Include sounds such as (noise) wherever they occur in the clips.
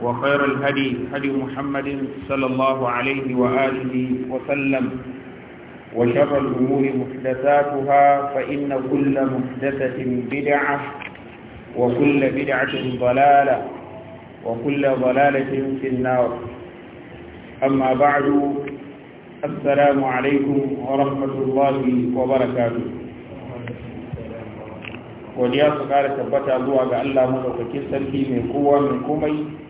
وخير الهدي هدي محمد صلى الله عليه وآله وسلم وشر الأمور محدثاتها فإن كل محدثة بدعة وكل بدعة ضلالة وكل ضلالة في النار أما بعد السلام عليكم ورحمة الله وبركاته godiya su kara الله zuwa ga Allah madaukakin sarki من kowa من komai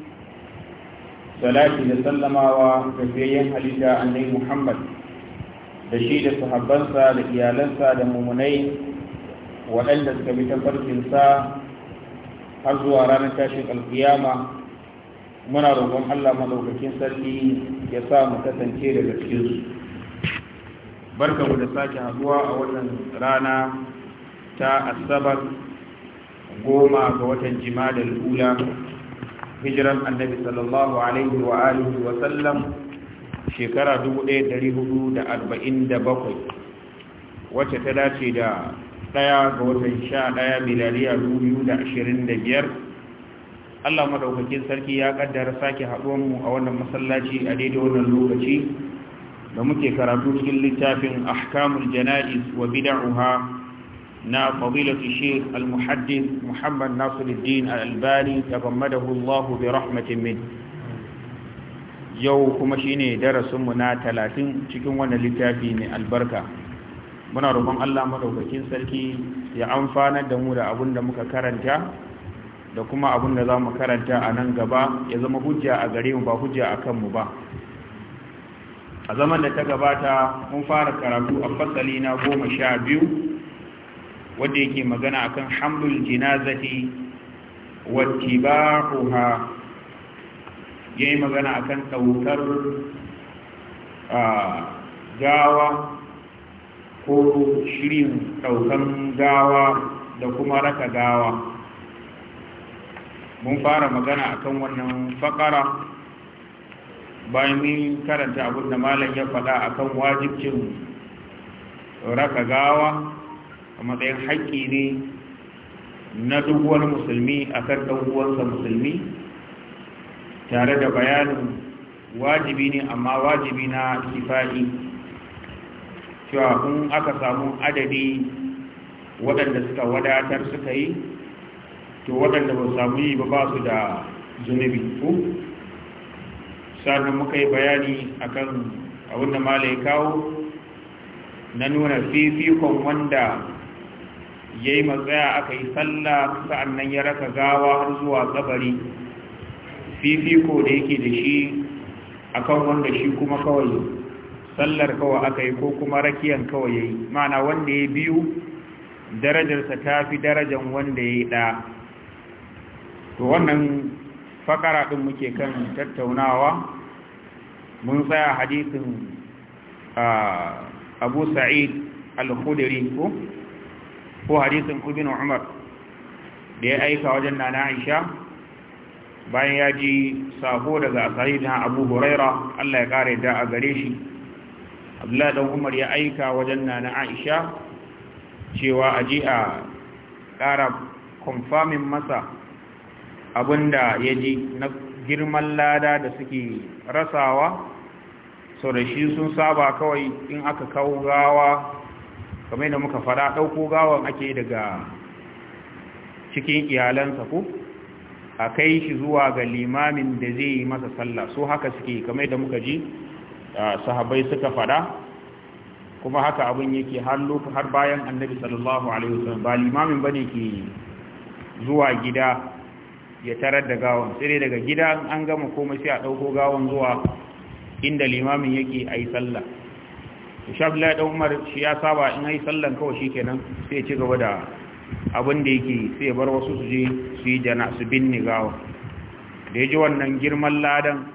salati da sallamawa ga fiyayyen halitta annai muhammad da shi da sahabbansa da iyalansa da mummunai waɗanda suka bi ta tafarkinsa har zuwa ranar tashin alkiyama muna roƙon allah maɗaukakin sarki ya sa mu kasance da gaske mu da sake haɗuwa a wannan rana ta asabar goma ga watan jima'a da lula hijiran annabi sallallahu alaihi wa alihi wa sallam shekara 1447 wacce ta dace da ɗaya ga watan sha ɗaya miliyariya 2025 Allah madaukakin sarki ya kaddara sake mu a wannan masallaci a daidai wannan lokaci da muke karatu cikin littafin ahkamul jana'iz wa bid'uha na fadilatu sheikh al-muhaddis muhammad nasiruddin al-albani tagammadahu Allah bi rahmatin min yau kuma shine darasin mu na 30 cikin wannan littafi ne albarka muna roƙon Allah madaukakin sarki ya amfana da mu da abin da muka karanta da kuma abin da za mu karanta a nan gaba ya zama hujja a gare mu ba hujja a mu ba a zaman da ta gabata mun fara karatu a fasali na goma sha biyu wanda yake magana akan hamlul jinazati wattibahuha yayi magana akan daukar gawa ko shirin daukan gawa da kuma raka gawa mun fara magana akan wannan fakara bayan mun karanta abin da malam ya faɗa akan wajibcin raka gawa a matsayin haƙƙi ne na duk wani musulmi a kan ɗan'uwansa musulmi tare da bayanin wajibi ne amma wajibi na kifa'i cewa in aka samu adadi waɗanda suka wadatar suka yi to waɗanda ba samu yi ba ba su da zunubi ko sannan muka yi bayani akan abin da mala ya kawo na nuna fifikon wanda Yayi yi matsaya aka yi sallah sa'annan ya raka gawa har zuwa kabari fifiko da yake da shi akan wanda shi kuma kawai sallar kawai aka yi ko kuma rakiyan kawai ya yi mana wanda ya biyu darajarsa ta fi darajan wanda ya yi ɗa to wannan fakara ɗin muke kan tattaunawa mun tsaya hadisin ah, abu sa'id al-khudri ko ko hadisin ibn umar da ya aika wajen nana aisha bayan ya ji sako daga sahihin abu huraira Allah ya kare da a gare shi abdullahi dan umar ya aika wajen nana aisha cewa a ji a kara confirming masa abinda ya ji na girman lada da suke rasawa sau da shi sun saba kawai in aka kawo gawa kamar yadda muka fara ɗauko gawan ake daga cikin iyalansa ko a kai shi zuwa ga limamin da zai yi masa sallah so haka suke kamar yadda muka ji sahabbai suka fara kuma haka abin yake har har bayan annabi sallallahu alaihi wasallam ba limamin bane ke zuwa gida ya tarar da gawan sai daga gida an gama komai sai a ɗauko gawan zuwa inda limamin yake ayi sallah shi abdullahi dan umar shi ya saba in ai sallan kawai shi kenan sai ya ci gaba da abin da yake sai bar wasu su je su yi jana su binne gawa da ya ji wannan girman ladan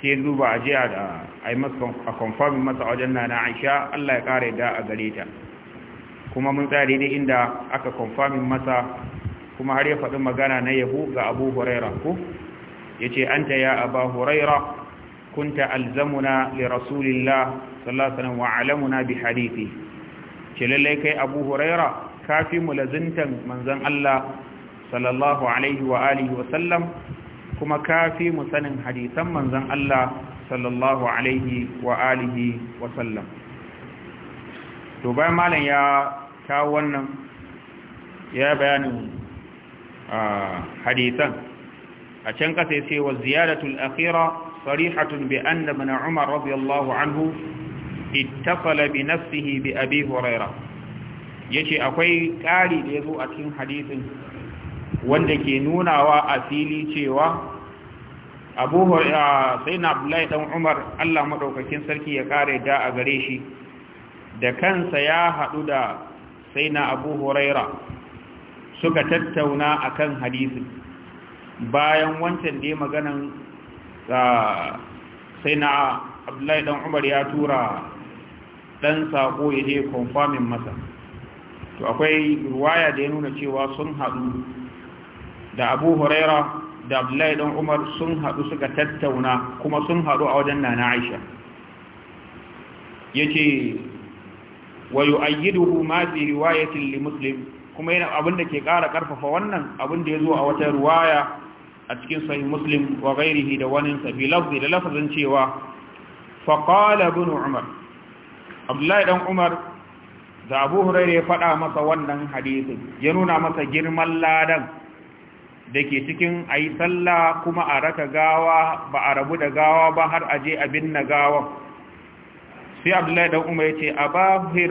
sai zuba a jiya da a yi a konfamin masa wajen na na aisha allah ya kare da a gare ta kuma mun tsari da inda aka konfamin masa kuma har ya faɗi magana na yabo ga abu huraira ko ya ce an taya ya aba huraira كنت ألزمنا لرسول الله صلى الله عليه وسلم وعلمنا بحديثه شلليك أبو هريرة كافي ملزنتا من زن الله صلى الله عليه وآله وسلم كما كافي مسن حديثا من زن الله صلى الله عليه وآله وسلم تبا مالا يا كاونا يا بيان آه حديثا أشنك سيسي والزيادة الأخيرة صريحة بأن ابن عمر رضي الله عنه اتصل بنفسه بأبي هريرة yace akwai ƙari da ya zo a cikin hadisin wanda ke nunawa a fili cewa abu sai na abdullahi dan umar allah maɗaukakin sarki ya ƙare da a gare shi da kansa ya haɗu da Saina na abu huraira suka tattauna akan hadisin bayan wancan da ya maganan sai na abdullahi dan umar ya tura dan sako ya je konfamin masa to akwai ruwaya da ya nuna cewa sun haɗu da abu huraira da abdullahi dan umar sun haɗu suka tattauna kuma sun haɗu a wajen nana aisha ya ce wa yu'ayyiduhu ma fi riwayatin li muslim kuma yana abin da ke ƙara ƙarfafa wannan abin da ya zo a wata ruwaya a cikin sahih muslim wa ghairihi da wani sabi lafzi da lafazin cewa fa qala ibn umar abdullahi dan umar da abu hurairah ya faɗa masa wannan hadisin ya nuna masa girman ladan da ke cikin ayi sallah kuma a raka gawa ba a rabu da gawa ba har aje a na gawa sai abdullahi dan umar ya ce abahir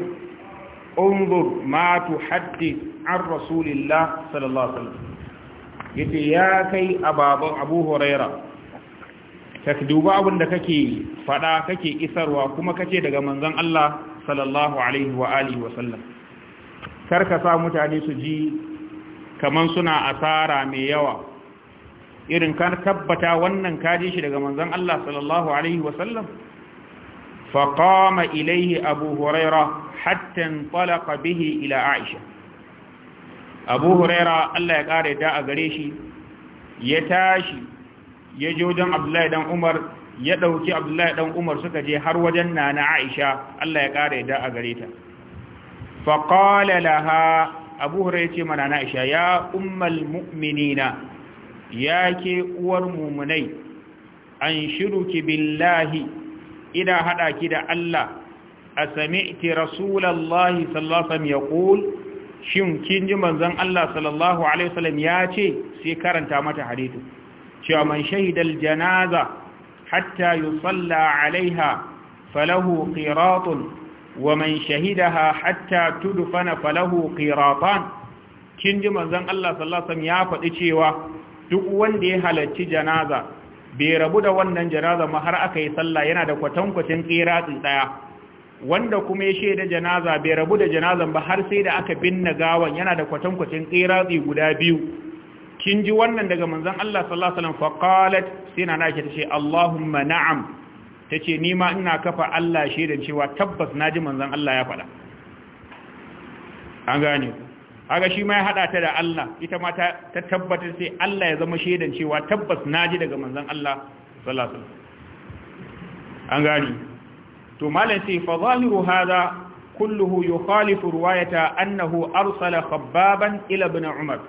ungur ma haddi an rasulillah sallallahu alaihi wasallam yace ya kai ababan abu huraira ka duba abin da kake fada kake isarwa kuma kace daga manzon Allah sallallahu alaihi wa alihi wa sallam kar ka sa mutane su ji kaman suna asara mai yawa irin kan tabbata wannan kaji shi daga manzon Allah sallallahu alaihi wa sallam فقام إليه أبو هريرة حتى abu huraira allah ya ƙara da a gare shi ya tashi ya je abdullahi dan umar ya ɗauki abdullahi dan umar suka je har wajen nana aisha allah ya ƙara da a gare ta faƙala laha abu huraira ce ma Nana aisha ya ummal mu'minina ya ke uwar mumunai an shiru ki billahi ina haɗa ki da allah a sami'ti rasu sallallahu alaihi wasallam yaqul shin kin ji manzon Allah sallallahu alaihi wasallam ya ce sai karanta mata hadithu cewa man shahidal janaza hatta yusalla alaiha falahu qiratun wa man shahidaha hatta tudfana falahu qiratan kin ji manzon Allah sallallahu alaihi wasallam ya faɗi cewa duk wanda ya halarci janaza bai rabu da wannan janaza ma har aka yi sallah yana da kwatankwacin qiratun daya wanda kuma ya shaida janaza bai rabu da janazan ba har sai da aka binne gawan yana da kwatankwacin qiratsi guda biyu kin ji wannan daga manzon Allah sallallahu alaihi wasallam fa qalat sai na nake tace Allahumma na'am tace ni ma ina kafa Allah shaidan cewa tabbas naji manzon Allah ya faɗa an gane ku shi ma ya hada ta da Allah ita ma ta tabbatar sai Allah ya zama shaidan cewa tabbas naji daga manzon Allah sallallahu alaihi wasallam an gane to malam sai fa zahiru hadha kulluhu yukhalifu riwayata annahu arsala khabbaban ila ibn umar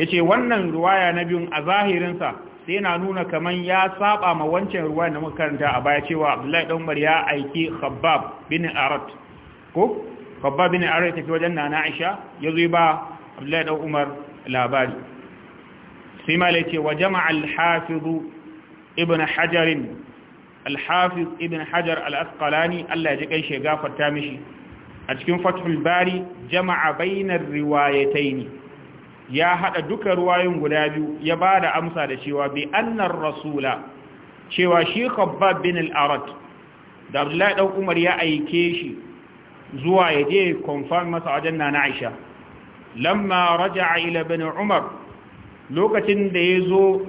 yace wannan riwaya na biyun a zahirin sa sai na nuna kaman ya saba ma wancan ruwa da muka karanta a baya cewa Abdullahi dan Umar ya aiki Khabbab bin Arat ko Khabbab bin Arat tafi wajen Nana Aisha yazo ba Abdullahi dan Umar labari sai ma wa jama'a al-Hafiz ibn Hajar al-hafiz hajar al-asqalani Allah ya ji kai shi gafarta mishi a cikin fathul bari jama'a bainar ne. ya haɗa duka ruwayoyin guda biyu ya ba da amsa da cewa bi annar rasula cewa shi khabbab bin al-arat da abdullahi dan umar ya aike shi zuwa ya je confirm masa wajen na aisha lamma raja'a ila bin umar lokacin da ya zo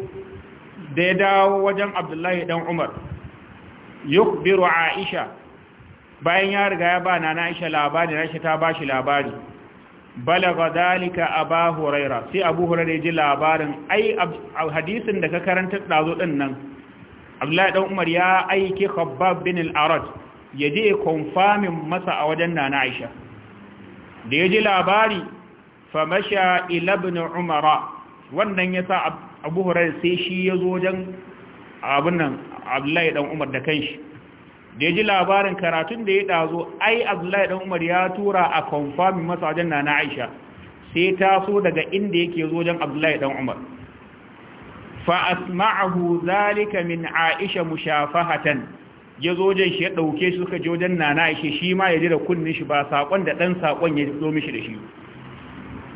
da ya dawo wajen abdullahi dan umar yukbiru aisha bayan ya riga ya ba Nana aisha labari aisha ta bashi labari balaga dalika aba huraira sai abu huraira ya ji labarin ai hadisin da ka karanta dazo din nan abdullahi dan umar ya aiki khabbab bin al-arad ya je konfamin masa a wajen nana aisha da ya ji labari famasha ila ibn umara wannan yasa abu huraira sai shi ya zo wajen abin nan abdullahi dan umar da kanshi da ya ji labarin karatun da ya ɗazo ai abdullahi dan umar ya tura a konfamin masajen na na aisha sai ta so daga inda yake zo wajen abdullahi dan umar fa'asma'ahu zalika min aisha mushafahatan ya zo wajen shi ya ɗauke shi suka je wajen na na aisha shi ma ya ji da kunnin shi ba saƙon da ɗan saƙon ya zo mishi da shi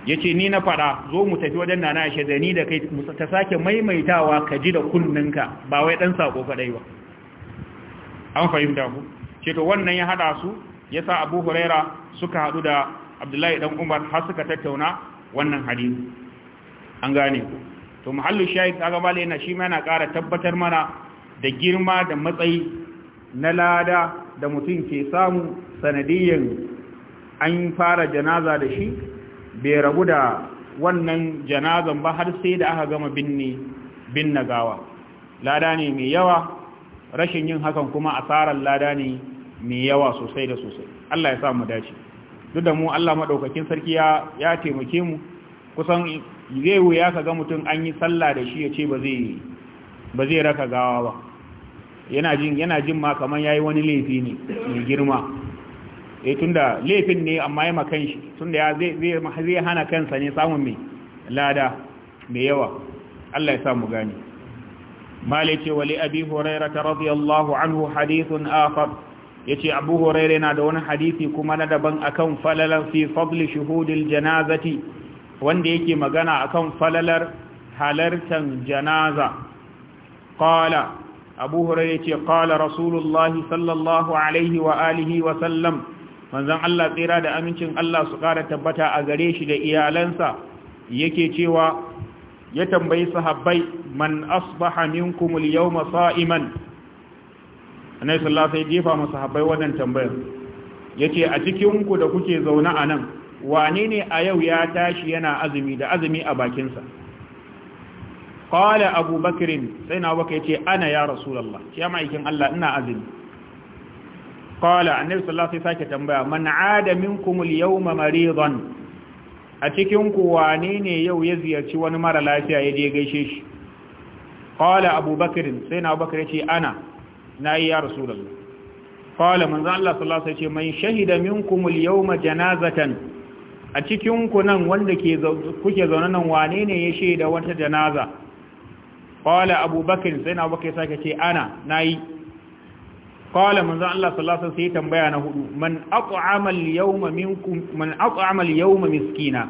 yace ni na fada zo mu tafi wajen nana ashe da ni da kai ta sake maimaitawa ka ji da kunninka ba wai dan sako kadai ba an fahimta ku ce to wannan ya hada su yasa Abu Huraira suka hadu da Abdullahi dan Umar har suka tattauna wannan hadisi an gane ku to muhallu shahid ta malai na shi ma yana ƙara tabbatar mana da girma da matsayi na lada da mutum ke samu sanadiyyar an fara janaza da shi bai rabu da wannan janazan ba har sai da aka gama binne binne gawa lada ne mai yawa rashin yin hakan kuma asarar lada ne mai yawa sosai da sosai Allah ya sa mu dace duk da mu Allah madaukakin sarki ya ya taimake mu kusan zai wuya ka ga mutum an yi sallah da shi ya ce ba zai ba zai raka gawa ba yana jin yana jin ma kaman yayi wani laifi ne mai girma e tunda laifin ne amma ya makan shi tunda ya zai zai hana kansa ne samun mai lada mai yawa Allah ya sa mu gani mali wa li abi hurairah radiyallahu anhu hadithun akhar yace abu hurairah yana da wani hadisi kuma na daban akan falalar fi fadli shuhudil janazati wanda yake magana akan falalar halartan janaza qala abu hurairah yace qala rasulullahi sallallahu alaihi wa alihi wa sallam manzon Allah tsira da amincin Allah su ƙara tabbata a gare shi da iyalansa yake cewa ya tambayi sahabbai man asbaha minkum al-yawma sa'iman annabi sallallahu alaihi wasallam jefa sahabbai wannan tambayar yace a cikin ku da kuke zaune a nan wane ne a yau ya tashi yana azumi da azumi a bakinsa qala abu bakr sai na waka yace ana ya rasulullah ya ma'aikin Allah ina azumi qala annabi sallallahu alaihi sake tambaya man aada minkum al-yawma maridan a cikin ku wane ne yau ya ziyarci wani mara lafiya ya je gaishe shi qala abubakar sai na abubakar ce ana nayi ya rasulullah qala manzo Allah sallallahu alaihi ce man shahida minkum al-yawma janazatan a cikin ku nan wanda ke kuke zaune nan wane ne ya shaida wata janaza qala abubakar sai na abubakar sake ce ana nayi qala manzo Allah sallallahu alaihi wasallam sai tambaya na hudu man at'ama al-yawma minkum man at'ama al-yawma miskina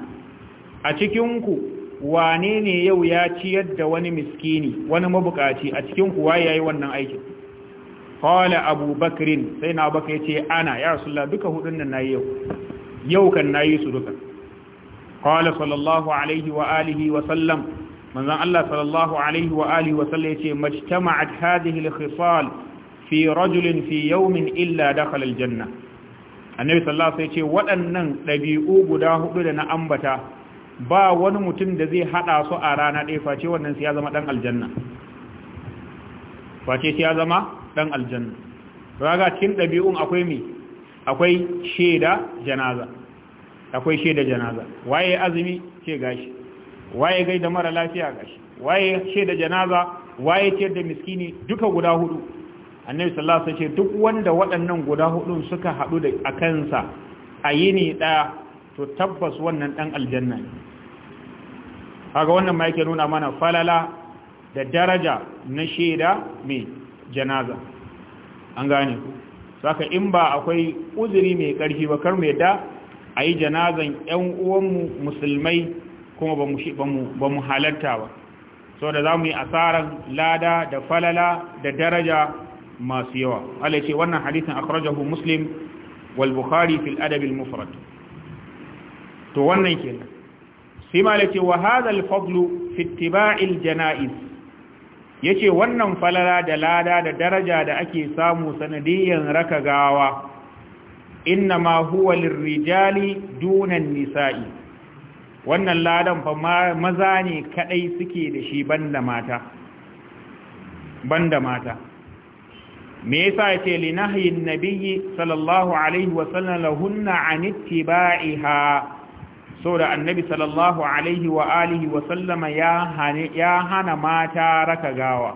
a cikin ku wane ne yau ya ciyar da wani miskini wani mabukaci a cikin ku waye yayi wannan aikin qala Abu Bakrin sai na baka yace ana ya rasulullah duka hudun nan nayi yau yau kan nayi su duka qala sallallahu alaihi wa alihi wa sallam manzo Allah sallallahu alaihi wa alihi wa sallam yace majtama'at hadhihi al-khisal fi rajulin fi yawmin illa dakhala aljanna annabi sallallahu alaihi ce waɗannan ɗabi'u guda hudu da na ambata ba wani mutum da zai hada su a rana ɗaya face wannan sai ya zama dan aljanna face sai ya zama dan aljanna raga cikin ɗabi'un akwai me akwai sheda janaza akwai sheda janaza waye azumi ce gashi waye gaida mara lafiya gashi waye sheda janaza waye ce da miskini duka guda hudu annabi sallallahu alaihi wasallam ce duk wanda waɗannan guda hudu suka haɗu da a kansa a yini ɗaya, to tabbas wannan ɗan aljanna ne kaga wannan ma yake nuna mana falala da daraja na shaida mai janaza an gane ku saka in ba akwai uzuri mai ƙarfi ba kar mu yadda a yi janazan 'yan uwanmu musulmai kuma ba mu halarta ba so da za mu yi asaran lada da falala da daraja masu yawa Allah ce wannan hadisin akhrajahu muslim wal bukhari fil adab al mufrad to wannan kenan sai ma ce wa hadha al fadl fi ittiba' al janaiz yace wannan falala da lada da daraja da ake samu sanadiyan raka gawa innama huwa lirrijali duna nisa'i wannan ladan fa maza ne kadai suke da shi banda mata banda mata me yasa yace li nahyin nabiyyi sallallahu alaihi wa sallam lahunna an ittiba'iha saboda annabi sallallahu alaihi wa alihi wa sallama ya hana ya hana mata raka gawa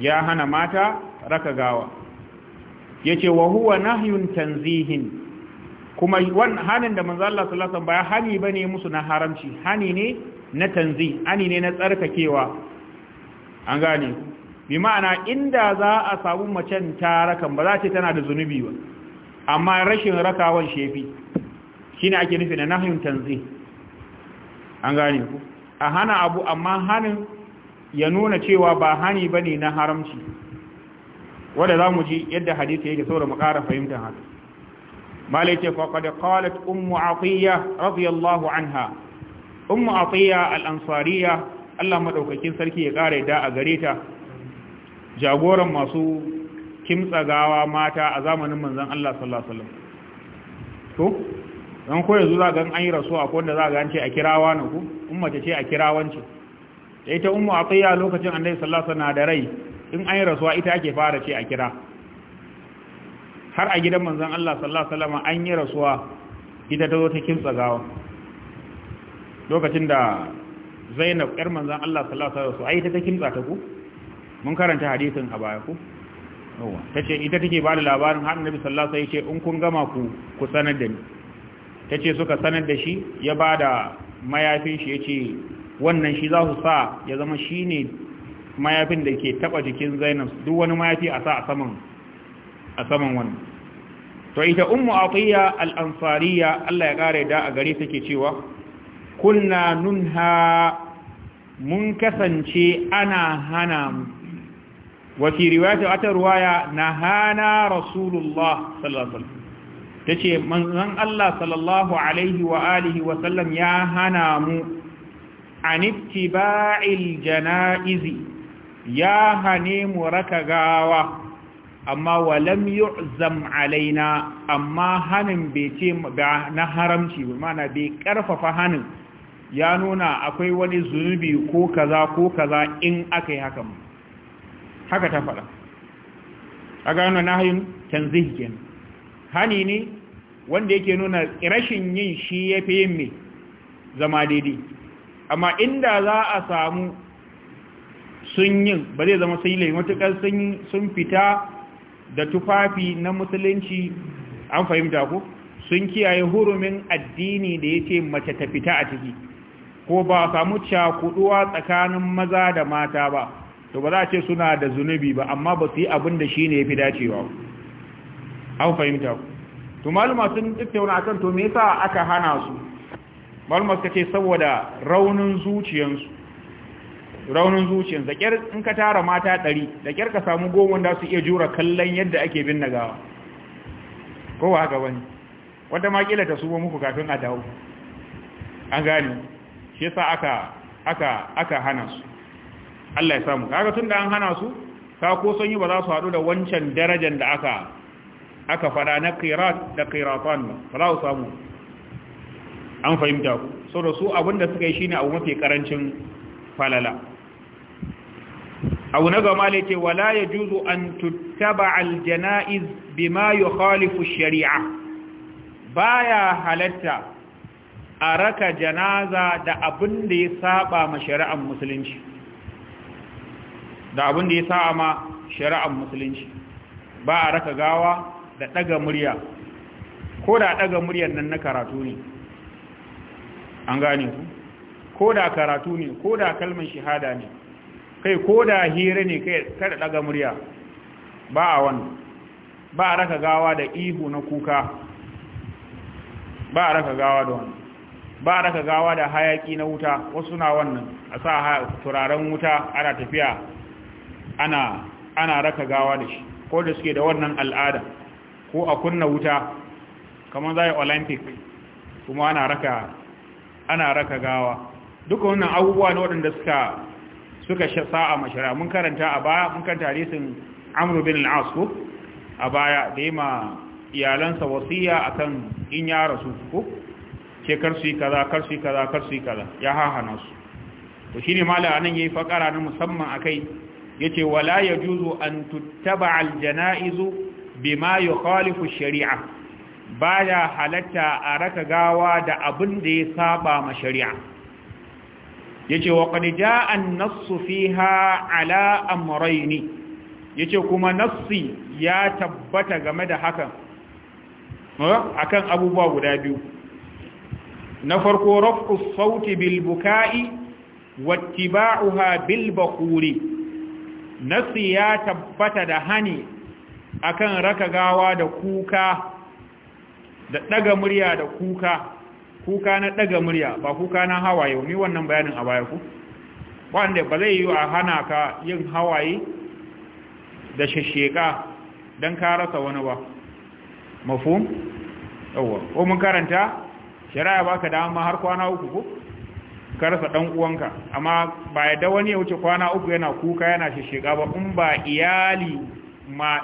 ya hana mata raka gawa yace wa huwa nahyun tanzihin kuma wannan hanin da manzo Allah sallallahu alaihi wasallam ba hani bane musu na haramci hani ne na tanzi hani ne na tsarkakewa an gane bi ma'ana inda za a samu macen ta rakan ba za ce tana da zunubi ba amma rashin rakawan shefi shine ake nufi da nahyun tanzi an gane ku a hana abu amma hanin ya nuna cewa ba hani ne na haramci wanda zamu ji yadda hadisi yake saboda mu ƙara fahimtar haka malai ce faqad qalat ummu atiya radiyallahu anha ummu atiya al-ansariya Allah madaukakin sarki ya ƙara yadda a gare ta jagoran masu kimtsagawa mata a zamanin manzan Allah sallallahu alaihi wasallam to dan ko yanzu za ga an yi rasuwa ko wanda za ga an ce a kirawa na ku umma ce a kirawanci sai ta ummu atiya lokacin annabi sallallahu alaihi wasallam da rai in an yi rasuwa ita ake fara ce a kira har a gidan manzan Allah sallallahu alaihi wasallam an yi rasuwa ita ta zo ta kimtsagawa lokacin da Zainab ƴar manzan Allah sallallahu alaihi wasallam ai ta kimtsa ta ku mun karanta hadisin a baya ku ta ce ita take ba da labarin har nabi sallasa ya ce in kun gama ku ku sanar da ni ta ce suka sanar da shi ya ba da mayafin shi ya ce wannan shi za su sa ya zama shi ne mayafin da ke taba jikin zainab duk wani mayafi a sa a saman wannan to ita ummu aqiya al-ansariya Allah ya kare da a gare take cewa kunna nunha mun kasance ana hana wafi riwayata wata ruwaya na hana rasulullah sallallahu ta ce manzan Allah sallallahu alaihi wa alihi sallam ya hana mu an ittiba'il jana'izi ya hane mu raka gawa amma walam yu'zam alaina amma hanin bai ce na haramci mana bai karfafa hanin ya nuna akwai wani zunubi ko kaza ko kaza in aka yi hakan haka ta faɗa a gano nahayin tanzihi kenan hani ne wanda yake nuna rashin yin shi ya fi yin mai zama daidai amma inda za a samu sun yin ba zai zama sun yi lai matuƙar sun fita da tufafi na musulunci an fahimta ku? sun kiyaye hurumin addini da ya ce mace ta fita a ciki ko ba a samu cakuduwa tsakanin maza da mata ba to ba za a ce suna da zunubi ba amma ba su yi abin da shi ne ya fi dacewa an fahimta ku to maluma sun tattauna kan to me yasa aka hana su maluma suka ce saboda raunin zuciyansu raunin zuciyan da kyar in ka tara mata ɗari da kyar ka samu goma da su iya jura kallon yadda ake bin gawa. ko ba haka wani wata ma ta subo muku kafin a dawo an gane shi yasa aka aka aka hana su Allah ya samu kaga tun da an hana su ka ko son yi ba za su haɗu da wancan darajar da aka aka faɗa na qirat da qiratan ba za su samu an fahimta ku so da su abinda suka yi shine abu mafi karancin falala abu na gama ne ce wala ya juzu an tuttaba aljana'iz bima yukhalifu shari'a baya halatta a raka janaza da abin da ya saba ma shari'ar musulunci da abin da ya sa ma shari'ar musulunci ba a raka gawa da ɗaga murya ko da ɗaga muryar nan na karatu ne an gane ku ko da karatu ne ko da kalmar shahada ne kai ko da hira ne kai kada ɗaga murya ba a wannan ba a raka gawa da ihu na kuka ba a raka gawa da wannan ba a raka gawa da hayaki na wuta wasu na wannan a sa turaren wuta ana tafiya ana ana raka gawa da shi ko da suke da wannan al'ada ko a kunna wuta kamar zai olympic kuma ana raka ana raka gawa duka wannan abubuwa ne waɗanda suka suka sa'a mashara mun karanta a baya mun karanta hadisin amru bin al-as ko a baya da yima iyalansa wasiya akan in ya rasu ko ce kar su yi kaza kar su yi kaza kar su yi kaza ya hahana su to shine malama nan yayi fakara na musamman akai yace wala yajuzu an tuttaba al janaizu bima yukhalifu shari'a baya halatta a raka gawa da abin da ya saba ma shari'a yace wa qad jaa an-nass fiha ala amrayn yace kuma nassi ya tabbata game da hakan akan abubuwa guda biyu na farko raf'u sauti bil buka'i wattiba'uha bil baquri nasi ya tabbata da hani akan raka gawa da kuka da daga murya da kuka kuka na daga murya ba kuka na hawaye ni wannan bayanin a baya ku wanda ba zai yi a hana ka yin hawaye da shasheka don ka rasa wani ba mafum yawon ko mun karanta shari'a baka dama har kwana uku ko ka rasa dan uwanka amma ba yadda wani ya wuce kwana uku yana kuka yana shishiga ba in ba iyali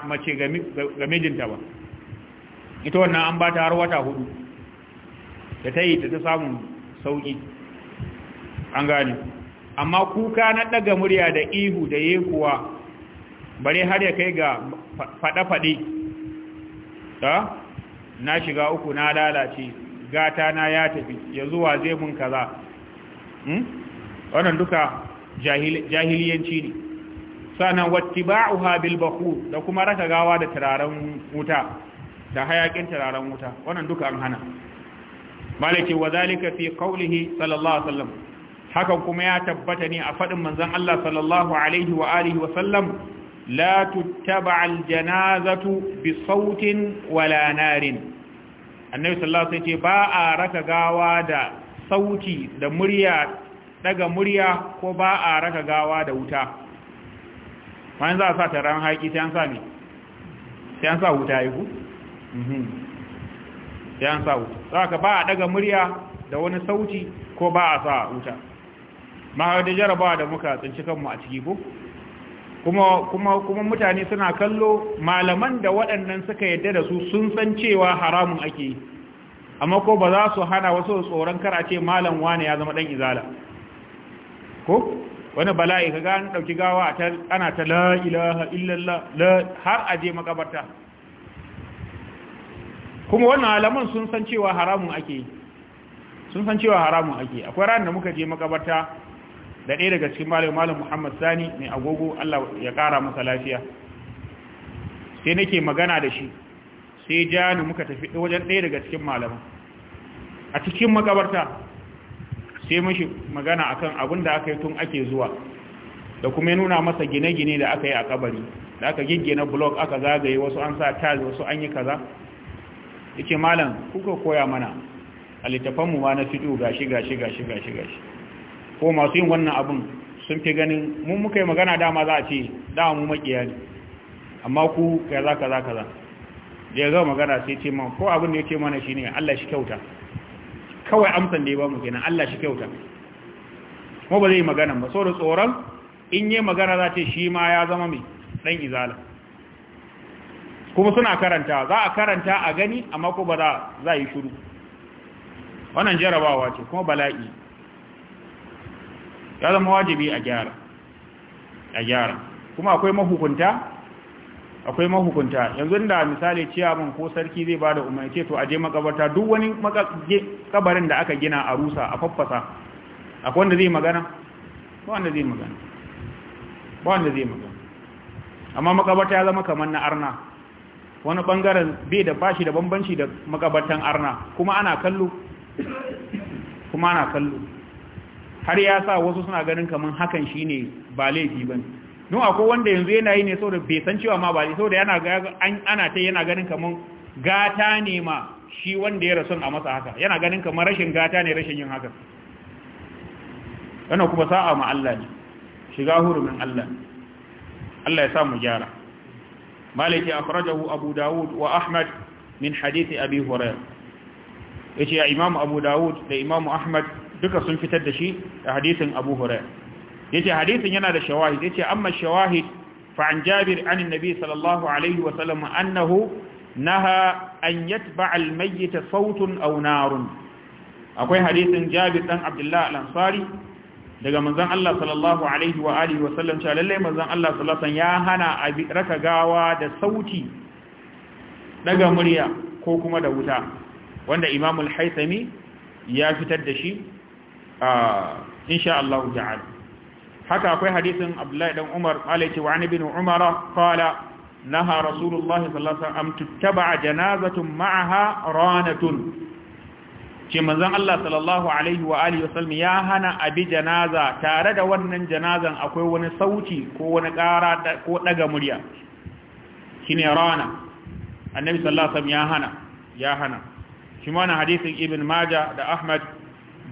mace ga mijinta ba ita wannan an ba ta har wata hudu da ta yi ta ta samun sauki an gane amma kuka na daga murya da ihu da yekuwa bare har ya kai ga fada fade ta na shiga uku na lalace gata na ya tafi ya zuwa zai mun kaza Hmm? wannan duka jahiliyanci ne sannan wattiba'uha bil bakhur da kuma raka gawa da turaren wuta da hayakin turaren wuta wannan duka an hana malaki wa zalika fi qawlihi sallallahu alaihi wasallam hakan kuma ya tabbata ne a faɗin manzan Allah sallallahu alaihi wa alihi wa sallam la tuttaba al janazatu bi sautin wala narin annabi sallallahu alaihi wasallam ba a raka gawa da sauti da murya daga murya ko ba a raka gawa da wuta wani za a sa taron haƙi sai an sa ne sai an sa wuta ya ku? Mhm. sai an sa wuta za ka ba a daga murya da wani sauti ko ba a sa wuta ma da jarabawa da muka tsinci kanmu a ciki ko? kuma kuma kuma mutane suna kallo malaman da waɗannan suka yadda da su sun san cewa haramun ake yi amma ko ba za su hana wasu tsoron kar a ce malam wane ya zama dan izala ko wani bala'i ka ga an dauki gawa ana ta la ilaha illallah har aje makabarta kuma wannan alaman sun san cewa haramun ake sun san cewa haramun ake akwai ran da muka je makabarta da ɗaya daga cikin malam malam Muhammad Sani mai agogo Allah ya kara masa lafiya sai nake magana da shi sai jani muka tafi wajen ɗaya daga cikin malaman a cikin makabarta sai mashi magana akan abin da aka yi tun ake zuwa da kuma nuna masa gine-gine da aka yi a kabari da aka giggina blog aka zagaye wasu an sa tile wasu an yi kaza yake malam kuka koya mana a littafanmu ma na fito gashi gashi gashi gashi gashi ko masu yin wannan abin sun fi ganin mun muka yi magana dama za a ce dama mu makiya amma ku kaza kaza kaza da ya zo magana sai ce man ko abin da ya ce mana shi ne Allah shi kyauta kawai amsan da ya ba mu kenan Allah shi kyauta kuma ba zai magana ba saboda tsoron in yi magana za ce shi ma ya zama mai dan izala kuma suna karanta za a karanta a gani amma ko ba za yi shiru wannan jarabawa ce kuma bala'i ya zama wajibi a gyara a gyara kuma akwai mahukunta akwai mahukunta yanzu da misali ciyaman ko sarki zai bada umarni ce to aje makabarta duk wani kabarin da aka gina a rusa a faffasa akwai wanda zai magana ba wanda zai magana ba wanda zai magana amma makabarta ya zama kamar na arna wani bangaren bai da bashi da bambanci da makabartan arna kuma ana kallo kuma ana kallo har ya sa wasu suna ganin kamar hakan shine ba laifi bane Nun akwai wanda yanzu yana yi ne saboda bai san cewa ma ba saboda yana ana ta yana ganin kamar gata ne ma shi wanda ya rasu a masa haka yana ganin kamar rashin gata ne rashin yin haka wannan kuma sa'a ma Allah ne shiga hurumin Allah Allah ya sa mu gyara a akhrajahu abu daud wa ahmad min hadisi abi Ya yace ya imamu abu daud da imamu ahmad duka sun fitar da shi da hadisin abu hurairah yace hadisin yana da shawahid yace amma shawahid fa an jabir an annabi sallallahu alaihi wa sallam annahu naha an yatba al mayyit sawtun aw narun akwai hadisin jabir dan abdullah al ansari daga manzon Allah sallallahu alaihi wa alihi wa sallam cewa lalle manzon Allah sallallahu alaihi ya hana abi raka gawa da sauti daga murya ko kuma da wuta wanda imamul haithami ya fitar da shi ah, insha Allah ta'ala haka akwai hadisin abdullahi dan umar malaki wa an ibn umara qala naha rasulullahi sallallahu alaihi wasallam tuttaba janazatun ma'aha ranatun ce manzon Allah sallallahu alaihi wa alihi wasallam ya hana abi janaza tare da wannan janazan akwai wani sauti ko wani ƙara ko daga murya shine rana annabi sallallahu alaihi wasallam ya hana ya hana shi ma na hadisin ibn majah da ahmad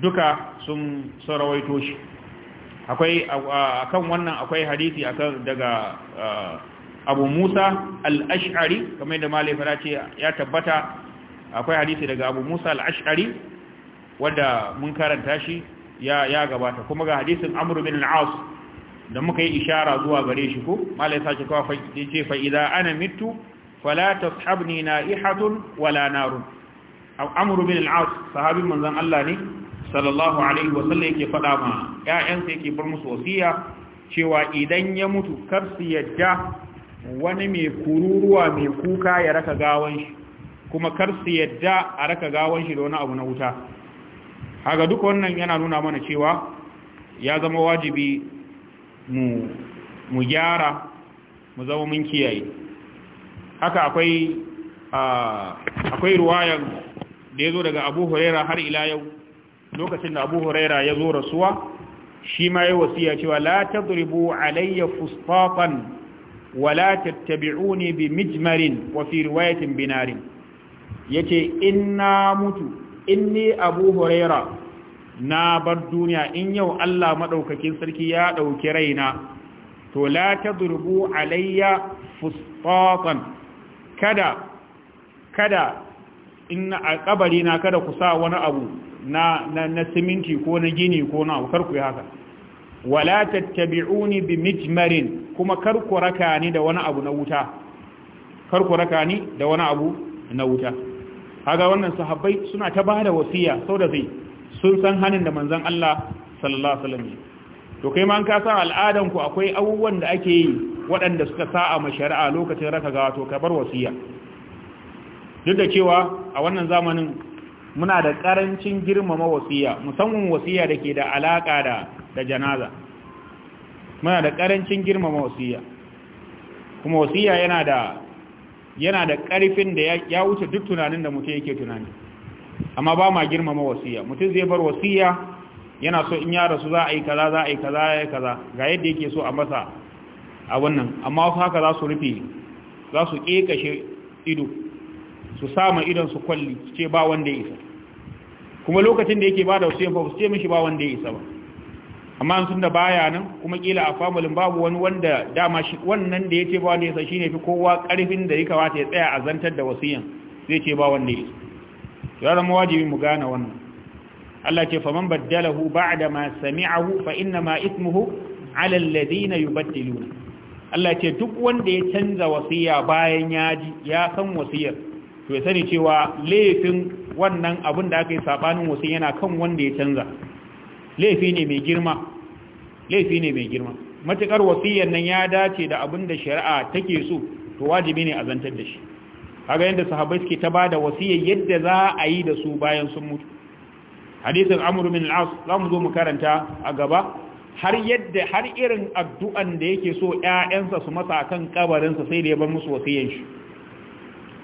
duka sun sarawaito shi akwai akan wannan akwai hadisi akan daga Abu Musa al-Ash'ari kamar da malai fara ce ya tabbata akwai hadisi daga Abu Musa al-Ash'ari wanda mun karanta shi ya gabata kuma ga hadisin Amr bin al aws da muka yi ishara zuwa gare shi ko malai sace kawai ce fa idza ana mitu fala tashabni na'ihatun wala narun Amr bin al aws sahabin manzon Allah ne sallallahu alaihi wasallam yake faɗa ma ƴaƴansa yake bar musu wasiya cewa idan ya mutu kar su yadda wani mai kururuwa mai kuka ya raka gawan shi kuma kar su yadda a raka gawan shi da wani abu na wuta haga duk wannan yana nuna mana cewa ya zama wajibi mu mu gyara mu zama mun kiyaye haka akwai ah, akwai ruwayan da yazo daga Abu Hurairah har ila yau lokacin da abu huraira ya zo rasuwa shi ma yi wasiya cewa la tadribu alayya fustatan wa la tattabi'uni bi mijmarin wa fi riwayatin binarin yace inna mutu inni abu huraira na bar duniya in yau Allah maɗaukakin sarki ya ɗauki raina to la tadribu alayya fustatan kada kada in a kabari na kada ku sa wani abu na na siminti ko na gini ko na kar ku yi haka wala tattabi'uni bi mijmarin kuma kar ku raka ni da wani abu na wuta kar ku raka ni da wani abu na wuta kaga wannan sahabbai suna ta bada wasiya sau da zai sun san hanin da manzon Allah sallallahu alaihi wasallam to kai ma ka san al'adan akwai abubuwan da ake yi waɗanda suka sa'a ma shari'a lokacin raka gawa to ka bar wasiya duk da cewa a wannan zamanin muna da ƙarancin girmama wasiya musamman wasiya da ke da alaƙa da da janaza muna da ƙarancin girmama wasiya kuma wasiya yana da ƙarfin da ya wuce duk tunanin da mutum yake tunani amma ba ma girmama wasiya mutum zai bar wasiya yana so in ya rasu za a yi kaza za a yi kaza ya yi kaza ga yadda yake so a masa a wannan amma wasu haka za su rufe za su ƙeƙashe ido su sama idon su kwalli ce ba wanda ya isa kuma lokacin da yake ba da wasiya ba su ce mishi ba wanda ya isa ba amma sun da baya nan kuma kila a famulin babu wani wanda dama shi wannan da ya ce ba wanda ya isa ne fi kowa karfin da ya kawata ya tsaya a zantar da wasiyan zai ce ba wanda ya isa ya zama wajibi mu gane wannan Allah ce faman baddalahu ba'da ma sami'ahu fa inna ma ismuhu ala alladhina yubaddiluna Allah ce duk wanda ya canza wasiya bayan ya ji ya san wasiyar to ya sani cewa laifin wannan abin da aka yi sabanin wasu yana kan wanda ya canza laifi ne mai girma laifi ne mai girma matukar wasiyyar nan ya dace da abin da shari'a take so to wajibi ne a zantar da shi kaga yadda sahabbai suke ta bada wasiyar yadda za a yi da su bayan sun mutu hadisin amr bin al-as zamu zo mu karanta a gaba har yadda har irin addu'an da yake so 'ya'yansa su masa akan kan sai da ya bar musu wasiyyar shi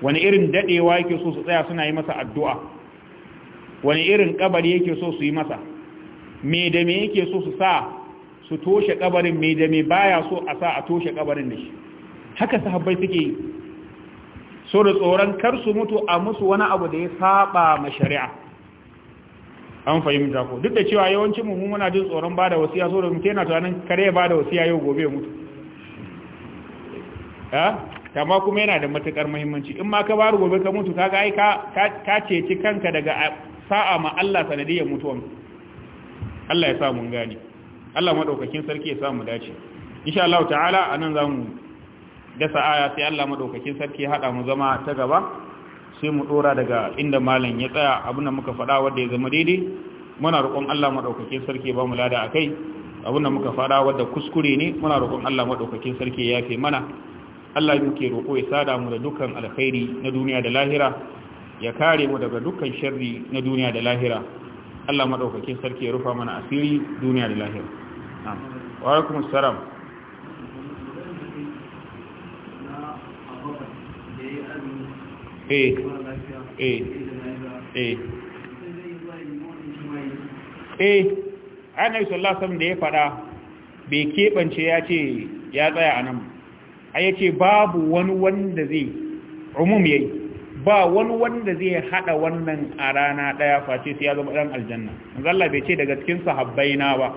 wani irin dadewa yake so su tsaya suna yi masa addu'a wani irin kabari yake so su yi masa me da me yake so su sa su toshe kabarin me da me baya so a sa a toshe kabarin da shi haka sahabbai suke yi so da tsoron kar su mutu a musu wani abu da ya saba ma shari'a an fahimta ko duk da cewa yawancin mu muna jin tsoron bada wasiya so da mutum yana tunanin kare ya bada wasiya yau gobe mutu eh? kama kuma yana da matukar muhimmanci in ma ka baro gobe ka mutu kaga ai ka ceci kanka daga sa'a ma Allah sanadiyar mutuwan Allah ya sa mun gane Allah madaukakin sarki ya sa mu dace insha Allah ta'ala anan zamu dasa aya sai Allah madaukakin sarki ya hada mu zama ta gaba sai mu dora daga inda malam ya tsaya abin da muka faɗa wanda ya zama daidai muna roƙon Allah madaukakin sarki ba mu lada akai abin da muka faɗa wanda kuskure ne muna roƙon Allah madaukakin sarki ya yafe mana Allah muke roƙo ya sada mu da dukkan alkhairi na duniya da lahira ya kare mu daga dukkan sharri na duniya da lahira Allah madaukakin sarki ya rufa mana asiri duniya da lahira wa alaikum assalam eh eh eh eh annabi sallallahu alaihi da ya fada bai kebance ya ce ya tsaya anan a yace babu wani wanda zai umum yayi ba wani wanda zai hada wannan a rana daya face sai ya zama dan aljanna manzo Allah bai ce daga cikin sahabbai na ba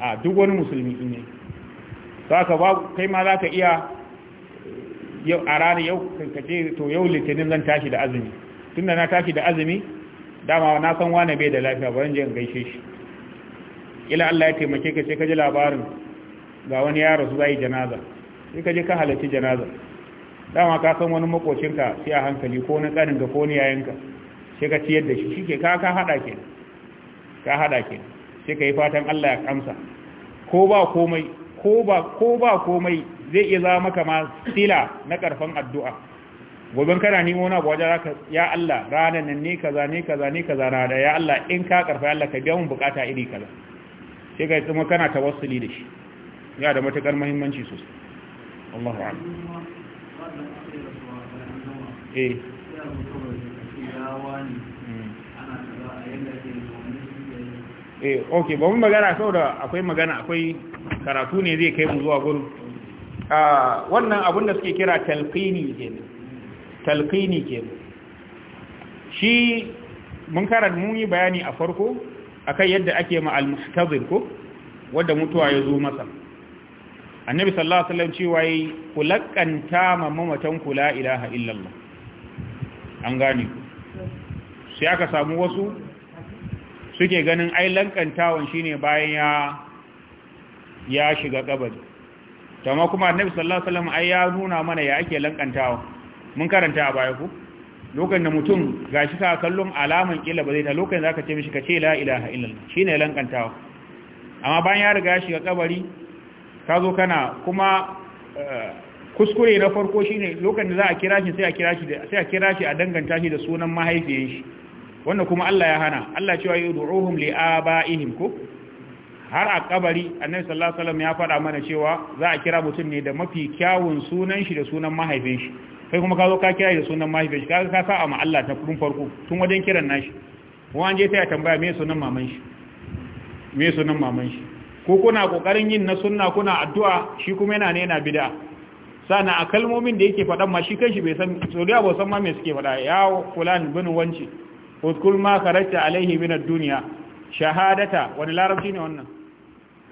a duk wani musulmi in saka ba kai ma zaka iya yau a rana yau kace to yau litinin zan tashi da azumi tunda na tashi da azumi dama na san wane bai da lafiya ba je in gaishe shi ila Allah ya taimake ka sai ka ji labarin ga wani yaro su zai janaza sai ka je ka halarci janaza dama ka san wani makocinka sai a hankali ko na tsarin ga ko ni yayanka sai ka ciyar da shi shike ka ka hada ke ka hada ke sai ka yi fatan Allah ya kamsa ko ba komai ko ba ko ba komai zai iya zama maka ma sila na karfan addu'a gobe kana nemo ba wajen zaka ya Allah ranan nan ne kaza ne kaza ne kaza na da ya Allah in ka karfa Allah ka biya mun bukata iri kaza sai ka yi kuma kana tawassuli da shi ya da matukar muhimmanci sosai الله wa'an eh eh ok ba mun magana saboda akwai magana akwai karatu ne zai kai mu zuwa gurin ah, wannan abin da suke kira talqini kenan talqini kenan shi mun karar mun yi bayani a farko akan yadda ake ma al-muhtazir ko wanda mutuwa ya zo masa annabi sallallahu alaihi wasallam cewa yi ku ma mamatan ku la ilaha illallah an gane sai aka samu wasu suke ganin ai lankantawan shine bayan ya ya shiga kabari tamma kuma annabi sallallahu alaihi wasallam ai ya nuna mana ya ake lankantawa mun karanta a baya ku lokacin da mutum gashi ka kallon alaman kila ba zai ta lokacin zaka ce mishi ka ce la ilaha illallah shine lankantawa amma bayan ya riga shiga kabari ka zo kana kuma eh, kuskure na farko shi ne, lokacin da za a kira shi sai a kira shi sai a kira shi a danganta shi da sunan mahaifiyar shi wanda kuma Allah ya hana Allah cewa yud'uhum li abaihim ko har a kabari annabi sallallahu alaihi wasallam ya faɗa mana cewa za a kira mutum ne da mafi kyawun sunan shi da sunan mahaifin shi kai kuma ka zo ka kira shi da sunan mahaifin shi kaga ka sa ma Allah ta kurun farko tun wajen kiran nashi ko an je sai a tambaya me sunan maman shi me sunan maman shi ko kuna kokarin yin na sunna kuna addu'a shi kuma yana ne yana bid'a sana a kalmomin da yake faɗan ma shi kanshi bai san soriya ba san ma me suke faɗa ya fulan bin wanci utkul ma kharajta alaihi min ad-dunya shahadata wani larabci ne wannan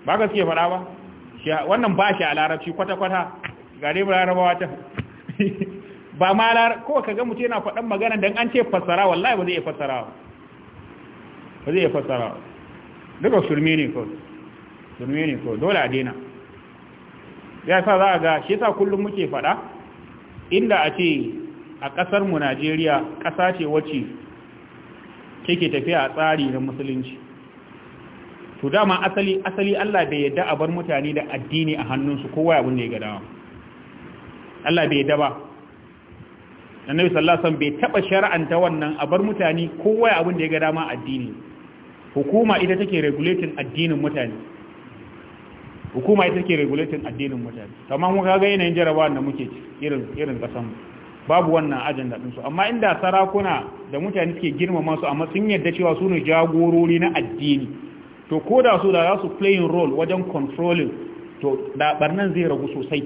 ba ka suke faɗa ba wannan ba shi a larabci kwata kwata Ga dai mu larabawa ta (laughs) ba ma lar ko kaga mutum yana faɗan magana dan an ce fassara wallahi ba zai iya fassara ba zai iya fassara duka surmi ne kawai shirme ne ko dole a daina ya sa za a ga shi sa kullum muke faɗa inda a ce a ƙasar mu Najeriya kasa ce wacce take tafiya a tsari na musulunci to dama asali asali Allah bai yadda a bar mutane da addini a hannunsu kowa ya da ya ga dama. Allah bai yadda ba annabi sallallahu alaihi wasallam bai taba shar'anta wannan a bar mutane kowa abin da ya ga dama addini hukuma ita take regulating addinin mutane hukuma ita ke regulating addinin mutane kamar muka ga yanayin jarabawa da muke irin irin kasan babu wannan ajanda din su amma inda sarakuna da mutane suke girmama su amma sun yarda cewa su ne jagorori na addini to ko da su da za su playing role wajen controlling to da barnan zai ragu sosai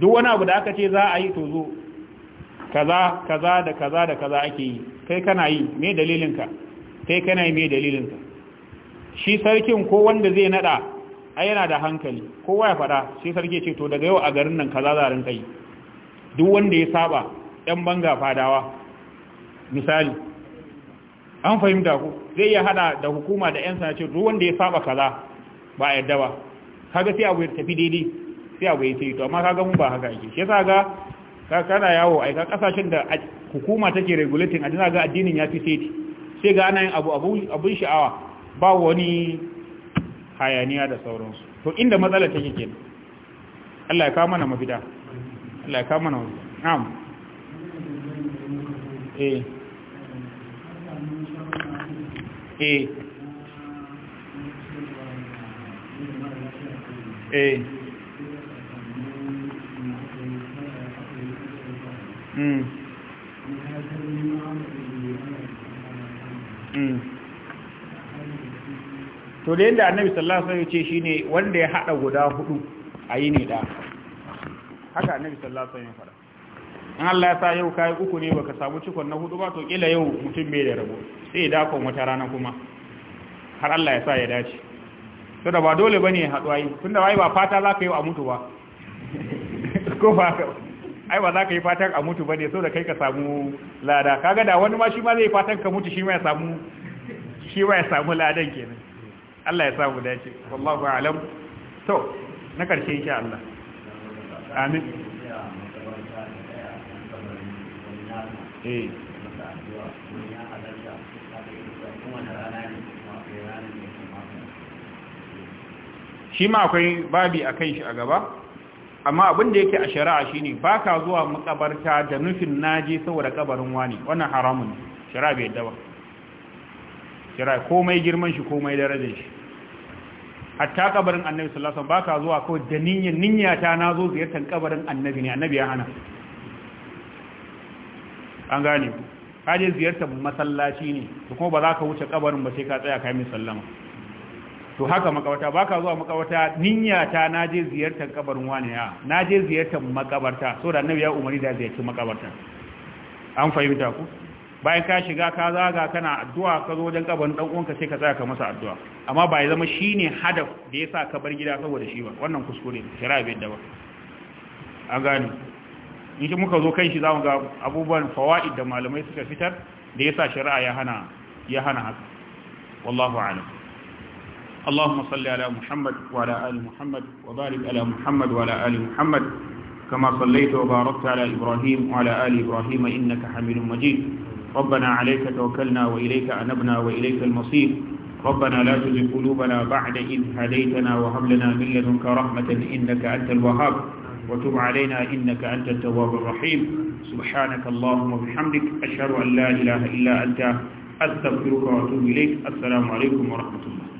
duk wani abu da aka ce za a yi to zo kaza kaza da kaza da kaza ake yi kai kana yi me dalilinka kai kana yi me dalilinka shi sarkin ko wanda zai nada ai yana da hankali kowa ya fada sai sarki ce to daga yau a garin nan kaza za rinka yi duk wanda ya saba ɗan banga fadawa misali an fahimta ku zai iya hada da hukuma da yan sanace duk wanda ya saba kaza ba a yadda ba kaga sai abu ya tafi daidai sai abu ya tafi to amma kaga mun ba haka yake shi yasa ga ka kana yawo ai ka kasashen da hukuma take regulating a dina ga addinin ya fi sai sai ga ana yin abu abun sha'awa ba wani hayaniya da sauransu to inda matsala take ke Allah ya kawo mana mafita Allah ya kawo mana na'am eh eh eh mm mm to da yadda annabi sallallahu alaihi wasallam ce shine wanda ya hada guda hudu a yi ne da haka annabi sallallahu alaihi wasallam in Allah ya sa yau kai uku ne baka samu cikon na hudu ba to kila yau mutum bai da rabo sai da kon wata rana kuma har Allah ya sa ya dace to da ba dole bane haduwa yi tunda wai ba fata za ka yi a mutu ba (laughs) ko ba ka ai ba za ka yi fatan a mutu bane so da kai ka samu lada kaga da wani ma shi ma zai fatan ka mutu shi ma ya samu shi ma ya samu ladan kenan Allah ya sa mu dace wallahu alam to na karshe insha Allah amin eh. shi ma akwai babi a kan shi a gaba amma abin da yake a shari'a shine ba ka zuwa makabarta da nufin naje saboda kabarin wani wannan haramun shari'a bai dawa. kira komai girman shi komai darajar shi hatta kabarin annabi sallallahu alaihi wasallam baka zuwa ko da ninya ninya ta nazo ziyartar kabarin annabi ne annabi ya hana an gane ku kaje ziyartar masallaci ne to kuma ba za ka wuce kabarin ba sai ka tsaya kai mai sallama to haka makawata baka zuwa makawata ninya ta naje ziyartar kabarin wani ya naje ziyartar makabarta saboda annabi ya umari da ziyarci makabarta an fahimta ku bayan ka shiga ka zaga kana addu'a ka zo wajen kabarin dan uwanka sai ka tsaya ka masa addu'a amma ba ya zama shine hadaf da yasa ka bar gida saboda shi ba wannan kuskure shari'a bai da ba an gane in shi muka zo kan shi zamu ga abubuwan fawaid da malamai suka fitar da yasa shari'a ya hana ya hana haka wallahu a'lam اللهم صل على محمد وعلى آل محمد وبارك على محمد وعلى آل محمد كما صليت وباركت على إبراهيم وعلى آل إبراهيم إنك حميد مجيد ربنا عليك توكلنا وإليك أنبنا وإليك المصير ربنا لا تزغ قلوبنا بعد إذ هديتنا وهب لنا من لدنك رحمة إنك أنت الوهاب وتب علينا إنك أنت التواب الرحيم سبحانك اللهم وبحمدك أشهد أن لا إله إلا أنت أستغفرك وأتوب إليك السلام عليكم ورحمة الله